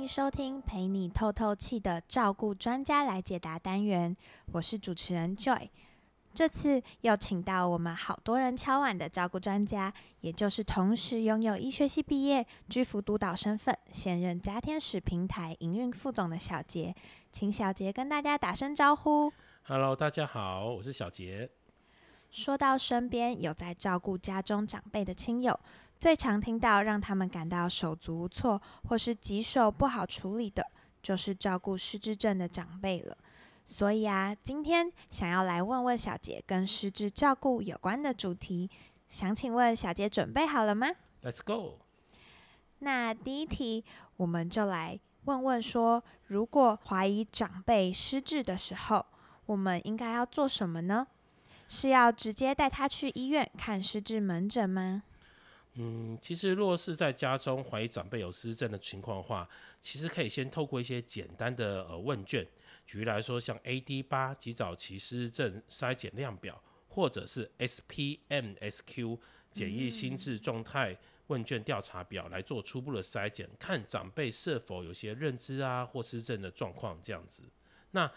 歡迎收聽陪你透透氣的照顧專家來解答單元，我是主持人 Joy。這次又請到我們好多人敲碗的照顧專家，也就是同時擁有醫學系畢業、居服督導身份、現任家天使平台營運副總的小杰，請小杰跟大家打聲招呼。Hello，大家好，我是小杰。說到身邊有在照顧家中長輩的親友。最常聽到讓他們感到手足無措或是棘手不好處理的，就是照顧失智症的長輩了。所以啊，今天想要來問問小杰跟失智照顧有關的主題，想請問小杰準備好了嗎？Let's go。那第一題，我們就來問問說，如果懷疑長輩失智的時候，我們應該要做什麼呢？是要直接帶他去醫院看失智門診嗎？嗯，其實若是在家中懷疑長輩有失智的情況的話，其實可以先透過一些簡單的呃問卷，舉例來說，像 AD 八及早期失智症篩檢量表，或者是 SPMSQ 簡易心智狀態問卷調查表、嗯、來做初步的篩檢，看長輩是否有些認知啊或失智的狀況這樣子。那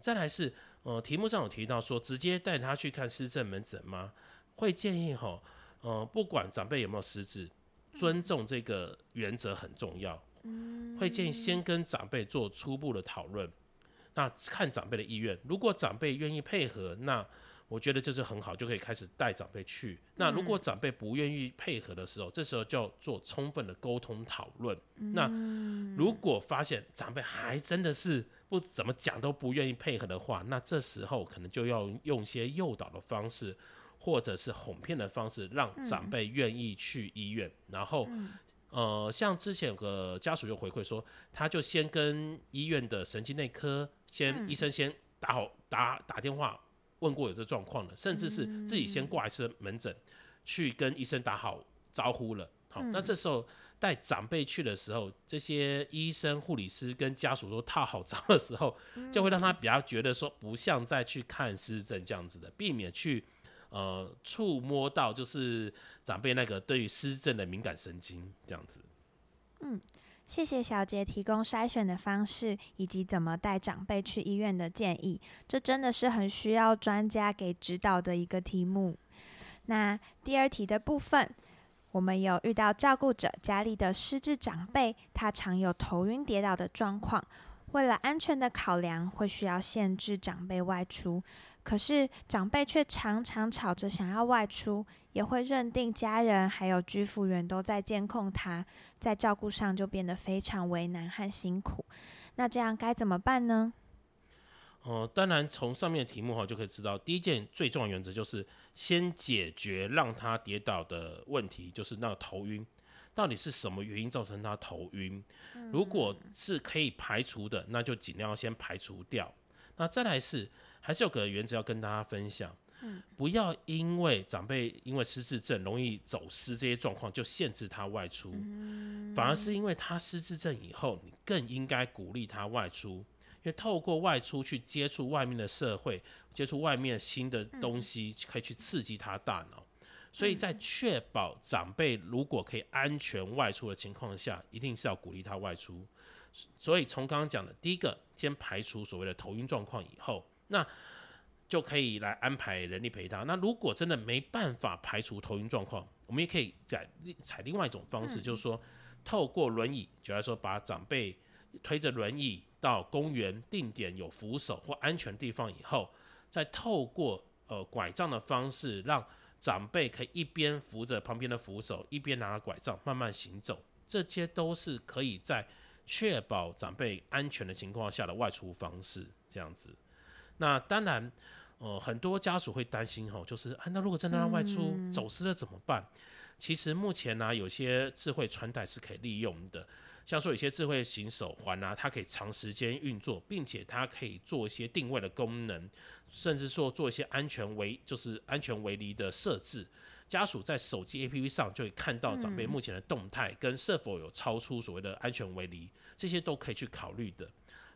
再來是呃題目上有提到說，直接帶他去看失智門診嗎？會建議吼。嗯，不管長輩有沒有失智，尊重這個原則很重要。會建議先跟長輩做初步的討論，那看長輩的意願。如果長輩願意配合，那我覺得就是很好，就可以開始帶長輩去。那如果長輩不願意配合的時候，這時候就要做充分的溝通討論。那如果發現長輩還真的是不怎麼講都不願意配合的話，那這時候可能就要用一些誘導的方式。或者是哄騙的方式，讓長輩願意去醫院。嗯、然後，嗯、呃，像之前有個家屬就回饋說，他就先跟醫院的神經內科先、嗯、醫生先打好打打電話問過有這狀況了，甚至是自己先掛一次門診，嗯、去跟醫生打好招呼了。好，嗯、那這時候帶長輩去的時候，這些醫生、護理師跟家屬都套好招的時候，就會讓他比較覺得說，不像再去看失智這樣子的，避免去。呃，觸摸到就是長輩那個對於失智的敏感神經，這樣子。嗯，謝謝小杰提供篩選的方式，以及怎麼帶長輩去醫院的建議。這真的是很需要專家給指導的一個題目。那第二題的部分，我們有遇到照顧者家裡的失智長輩，他常有頭暈跌倒的狀況。為了安全的考量，會需要限制長輩外出。可是長輩卻常常吵着想要外出，也會認定家人還有居服員都在監控他，在照顧上就變得非常為難和辛苦。那這樣該怎麼辦呢？哦、呃，當然從上面的題目哈就可以知道，第一件最重要的原則就是先解決讓他跌倒的問題，就是那個頭暈，到底是什麼原因造成他頭暈？嗯、如果是可以排除的，那就儘量先排除掉。那再來是。還是有個原則要跟大家分享，不要因為長輩因為失智症容易走失這些狀況就限制他外出，反而是因為他失智症以後，你更應該鼓勵他外出，因為透過外出去接觸外面的社會，接觸外面新的東西，可以去刺激他大腦，所以在確保長輩如果可以安全外出的情況下，一定是要鼓勵他外出。所以從剛剛講的，第一個先排除所謂的頭暈狀況以後。那就可以來安排人力陪他。那如果真的沒辦法排除頭暈狀況，我們也可以採採另外一種方式，嗯、就是說透過輪椅，就來說把長輩推着輪椅到公園定點有扶手或安全地方以後，再透過呃拐杖的方式，讓長輩可以一邊扶着旁邊的扶手，一邊拿着拐杖慢慢行走。這些都是可以在確保長輩安全的情況下的外出方式。這樣子。那當然，呃，很多家屬會擔心吼，就是哎、啊，那如果真的要外出、嗯、走失了怎麼辦？其實目前呢、啊，有些智慧穿戴是可以利用的，像說有些智慧型手環啊，它可以長時間運作，並且它可以做一些定位的功能，甚至說做一些安全圍，就是安全圍籬的設置。家屬在手機 A P P 上就會看到長輩目前的動態、嗯、跟是否有超出所謂的安全圍籬，這些都可以去考慮的。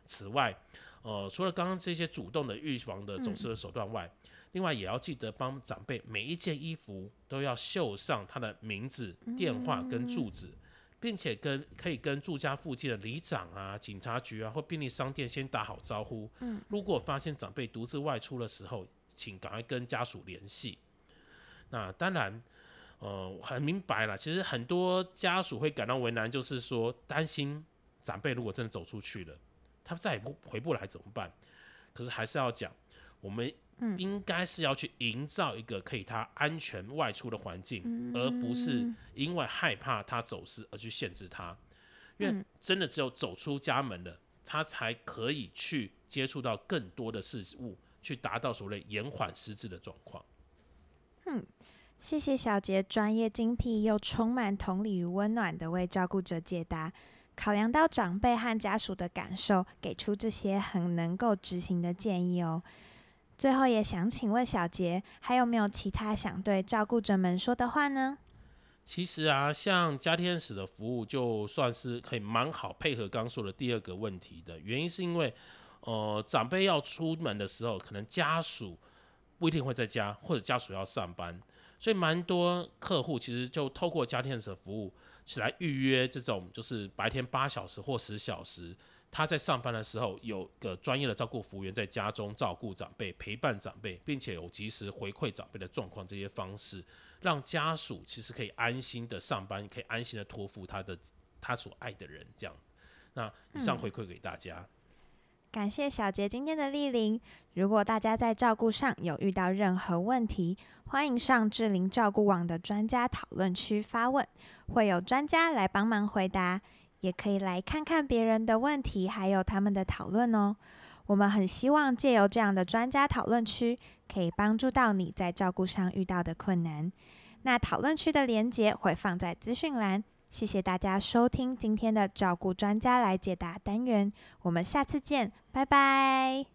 此外，呃，除了剛剛這些主動的預防的走失的手段外，嗯、另外也要記得幫長輩每一件衣服都要繡上他的名字、電話跟住址，嗯、並且跟可以跟住家附近的里長啊、警察局啊或便利商店先打好招呼。嗯，如果發現長輩獨自外出的時候，請趕快跟家屬聯繫。那當然，呃，很明白了。其實很多家屬會感到為難，就是說擔心長輩如果真的走出去了。他再也不回不來怎麼辦？可是還是要講，我們應該是要去營造一個可以他安全外出的環境，嗯、而不是因為害怕他走失而去限制他。因為真的只有走出家門了，他才可以去接觸到更多的事物，去達到所謂延緩失智的狀況。嗯，謝謝小傑專業、精闢又充滿同理與溫暖的為照顧者解答。考量到長輩和家屬的感受，給出這些很能夠執行的建議哦。最後也想請問小杰，還有沒有其他想對照顧者們說的話呢？其實啊，像家天使的服務，就算是可以蠻好配合剛說的第二個問題的，原因是因為，呃，長輩要出門的時候，可能家屬不一定會在家，或者家屬要上班。所以蠻多客戶其實就透過家天使的服務，來預約這種就是白天八小時或十小時，他在上班的時候有個專業的照顧服務員在家中照顧長輩、陪伴長輩，並且有及時回饋長輩的狀況這些方式，讓家屬其實可以安心的上班，可以安心的托付他的他所愛的人這樣。那以上回饋給大家。嗯感謝小杰今天的蒞臨。如果大家在照顧上有遇到任何問題，歡迎上智齡照顧網的專家討論區發問，會有專家來幫忙回答。也可以來看看別人的問題，還有他們的討論哦。我們很希望借由這樣的專家討論區，可以幫助到你在照顧上遇到的困難。那討論區的連結會放在資訊欄。謝謝大家收聽今天的照顧專家來解答單元，我們下次見，拜拜。